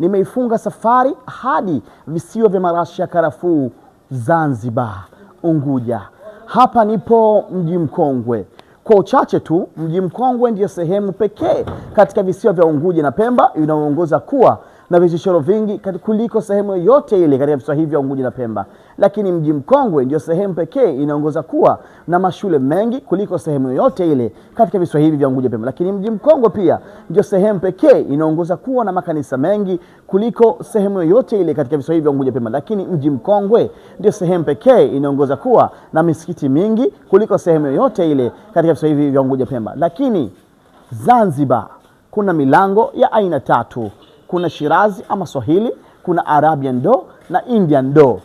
Nimeifunga safari hadi visiwa vya marashi ya karafuu Zanzibar, Unguja. Hapa nipo mji mkongwe. Kwa uchache tu, mji mkongwe ndiyo sehemu pekee katika visiwa vya Unguja na Pemba inayoongoza kuwa na vichochoro vingi kuliko sehemu yoyote ile katika visiwa hivi vya Unguja na Pemba, lakini mji mkongwe ndio sehemu pekee inaongoza kuwa na mashule mengi kuliko sehemu yoyote ile katika visiwa hivi vya Unguja Pemba. Lakini mji mkongwe pia ndio sehemu pekee inaongoza kuwa na makanisa mengi kuliko sehemu yoyote ile katika visiwa hivi vya Unguja Pemba. Lakini mji mkongwe ndio sehemu pekee inaongoza kuwa na misikiti mingi kuliko sehemu yoyote ile katika visiwa hivi vya Unguja Pemba. Lakini Zanzibar kuna milango ya aina tatu kuna Shirazi ama Swahili, kuna Arabian do na Indian do.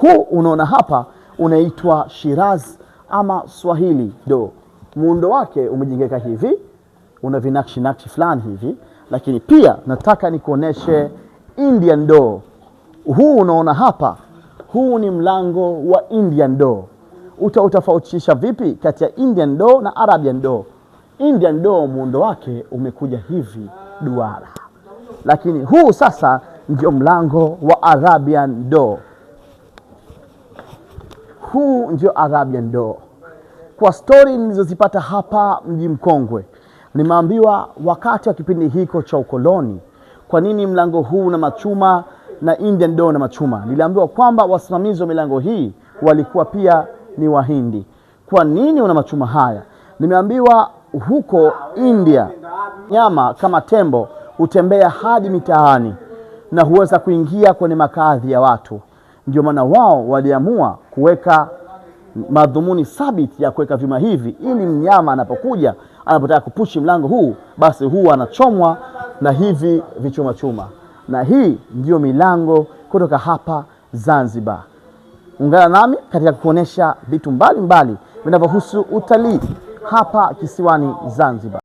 Huu unaona hapa unaitwa Shirazi ama Swahili do. Muundo wake umejengeka hivi, una vinakshi nakshi fulani hivi, lakini pia nataka nikuoneshe Indian do. Huu unaona hapa, huu ni mlango wa Indian do. Utautofautisha vipi kati ya Indian do na Arabian do? Indian do muundo wake umekuja hivi duara lakini huu sasa ndio mlango wa Arabian door. Huu ndio Arabian door. Kwa stori nilizozipata hapa mji mkongwe, nimeambiwa wakati wa kipindi hiko cha ukoloni, kwa nini mlango huu na machuma na Indian door na machuma? Niliambiwa kwamba wasimamizi wa milango hii walikuwa pia ni Wahindi. Kwa nini una machuma haya? Nimeambiwa huko India nyama kama tembo hutembea hadi mitaani na huweza kuingia kwenye makazi ya watu. Ndio maana wao waliamua kuweka madhumuni thabiti ya kuweka vyuma hivi, ili mnyama anapokuja, anapotaka kupushi mlango huu, basi huu anachomwa na hivi vichuma chuma. Na hii ndiyo milango kutoka hapa Zanzibar. Ungana nami katika kuonesha vitu mbalimbali vinavyohusu utalii hapa kisiwani Zanzibar.